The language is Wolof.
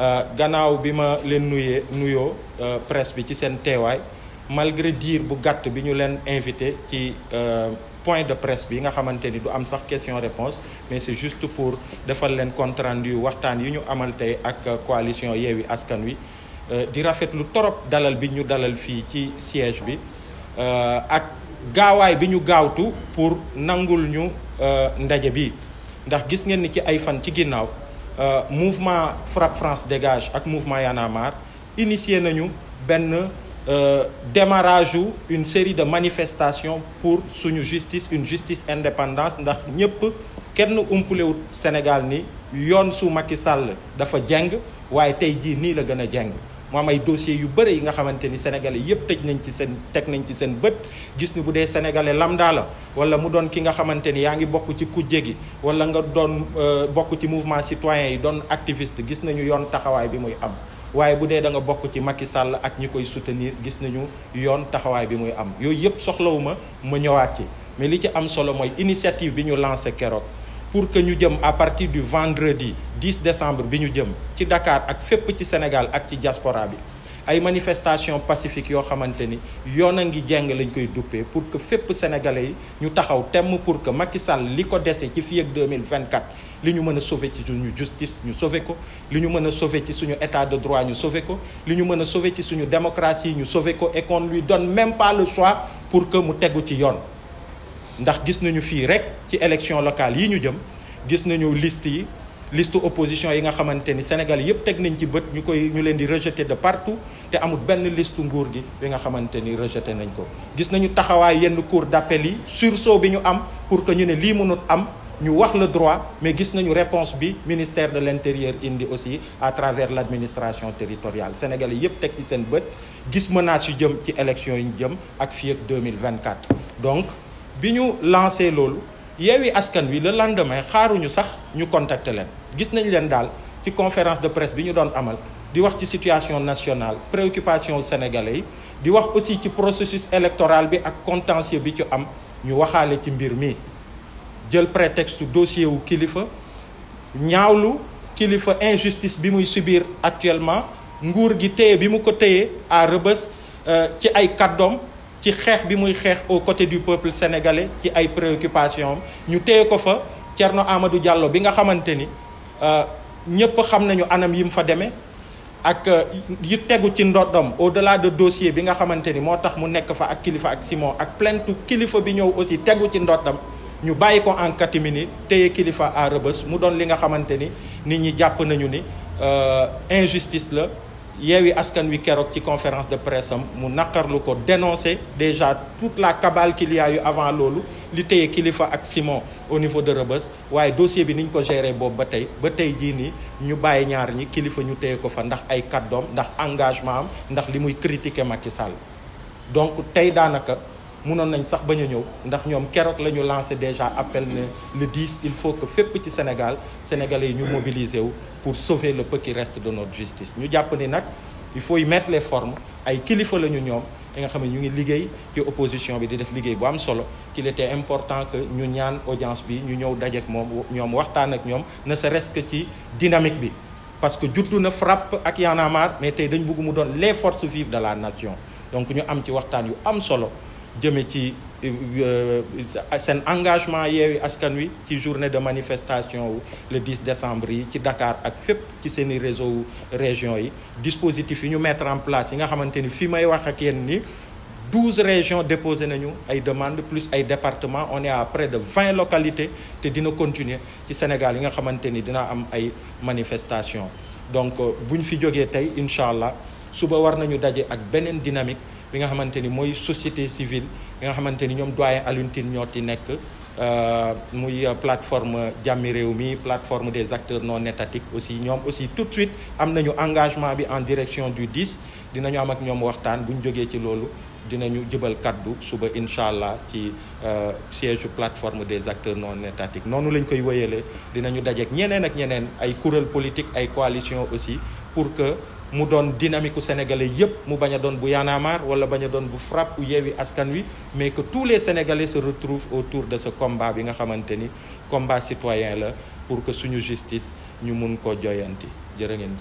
Euh, gannaaw bi ma leen nuyee nuyoo euh, presse bi ci seen teewaay malgré dire bu gàtt bi ñu leen invité ci euh, point de presse bi nga xamante ni du am sax question réponse mais c'est juste pour defal leen compte rendu waxtaan yi ñu amal tey ak coalition yéwi Askan Wi di rafetlu torop dalal bi ñu dalal fii ci siège bi ak gaawaay bi ñu gaawtu pour nangul ñu ndaje bi ndax gis ngeen ni ci ay fan ci ginnaaw euh, mouvement Frappe France dégage ak mouvement Yanamar, initié nañu euh, démarrage une série de manifestations pour suñu justice une justice indépendance ndax nous, kenn au Sénégal ni yoon su Macky Sall dafa jeng waaye tey jii nii la de jeng mu am ay dossiers yu bëri yi nga xamante ni sénégalais yëpp teg nañ ci seen teg nañ ci seen bët gis ni bu dee sénégalais lambda la wala mu doon ki nga xamante ni yaa ngi bokk ci kujje gi wala nga doon euh, bokk ci mouvement citoyen yi doon activiste gis nañu yoon taxawaay bi muy am waaye bu dee danga bokk ci Macky Sall ak ñi koy soutenir gis nañu yoon taxawaay bi muy am yooyu yëpp soxlawuma ma ñëwaat ci mais li ci am solo mooy initiative bi ñu lancé keroog pour que ñu jëm à partir du vendredi 10 décembre bi ñu jëm ci Dakar ak petit ci Sénégal ak ci diaspora bi ay manifestation pacifique yoo xamante ni yoon a qui jeng lañ koy pour que fépp sénégalais yi ñu taxaw pour que Macky Sall li ko qui ci 2024 li ñu mëna sauver ci suñu justice ñu sauver ko li ñu mëna sauver ci suñu état de droit ñu sauver ko li ñu mëna sauver ci suñu démocratie ñu sauver ko et qu'on lui donne même pas le choix pour que mu téggu ci yone ndax gis nañu fii rek ci élection locale yi ñu jëm gis nañu liste yi liste opposition yi nga xamante ni Sénégal yëpp teg nañ ci bët ñu koy ñu leen di rejeter de partout te amul benn liste nguur gi bi nga xamante ni rejeté nañ ko. gis nañu taxawaay yenn cour d'appel yi sursaut bi ñu am pour que ñu ne lii mënut am. ñu wax le droit mais gis nañu réponse bi ministère de l'intérieur indi aussi à travers l'administration territoriale sénégalais yépp teg ci seen bët gis menaces yu jëm ci élection yi ñu jëm ak fii ak 2024 donc biñu lancé loolu yewi Askan Wi le lendemain xaaruñu sax ñu contacter leen gis nañ leen daal ci conférence de presse bi ñu doon amal di wax ci situation nationale préoccupation sénégalais yi di wax aussi ci processus électoral bi ak contentieux bi ci am ñu waxaale ci mbir mi jël prétexte dossier wu kilifa ñaawlu kilifa injustice bi muy subir actuellement nguur gi téye bi mu ko téye à rëbës euh, ci ay kàddoom ci xeex bi muy au côté du peuple sénégalais ci ay préoccupations ñu ko fa Thierno Amadou Diallo bi nga anam fa ak ci au delà de dossier bi nga xamante ni mu nekk fa ak Simon ak plainte kilifa bi aussi ci ñu ko en catimini téye kilifa à mu doon li nga xamante nit ñi nañu ni euh, injustice la. Il askan wi eu ci conférence de presse mu déjà toute la cabale qu'il y a eu avant lolu li qui kilifa ak au niveau de Rebus, waye dossier bi niñ ko géré Bob ba ba ñu ñaar ñi kilifa ñu ko fa ndax ay ndax engagement am ndax mënoon nañ sax bañ a ñëw ndax ñoom keroog la ñu lancé déjà appel ne le 10 il faut que fépp ci Sénégal sénégalais yi ñu mobiliser wu pour sauver le peu qui reste de notre justice ñu jàpp ni nag il faut y mettre les formes ay kilifa la ñu ñoom yi nga xam ne ñu ngi liggéey ci opposition bi di def liggéey bu am solo qu'il était important que ñu ñaan audience bi ñu ñëw dajeek moom ñoom waxtaan ak ñoom ne serait-ce que ci dynamique bi parce que juddu na frappe ak Y a marre mais tey dañ bëgg mu doon les forces vives de la nation donc ñu am ci waxtaan yu am solo engagement ci euh, seen engagement yeewi askan wi ci journée de manifestation le 10 décembre yi ci Dakar ak fépp ci réseau région yi dispositif yi ñu mettre en place yi nga xamante may wax ak ni 12 régions déposées, nañu ay plus ay départements on est à près de 20 localités te dina continuer ci Sénégal yi nga xamante dina am manifestations donc si euh, vous fi jógee tey suba war nañu daje ak dynamique bi nga xamanteni société civile bi nga xamanteni ñom euh, plateforme plateforme des acteurs non étatiques aussi aussi tout de suite am engagement bi en direction du 10 dinañu am ak ñom waxtaan buñ joggé ci dinañu jëbal kaddu suba inshallah euh, plateforme des acteurs non étatiques nonu lañ koy dinañu ak ñeneen ak ñeneen coalition aussi pour que mu doon dynamique aux sénégalais yépp mu bañ a doon bu une wala bañ a bu frappe ou yeewi askan wi mais que tous les sénégalais se retrouvent autour de ce combat bi nga xamante combat citoyen là pour que suñu justice ñu mun ko joyanti jërë ngeen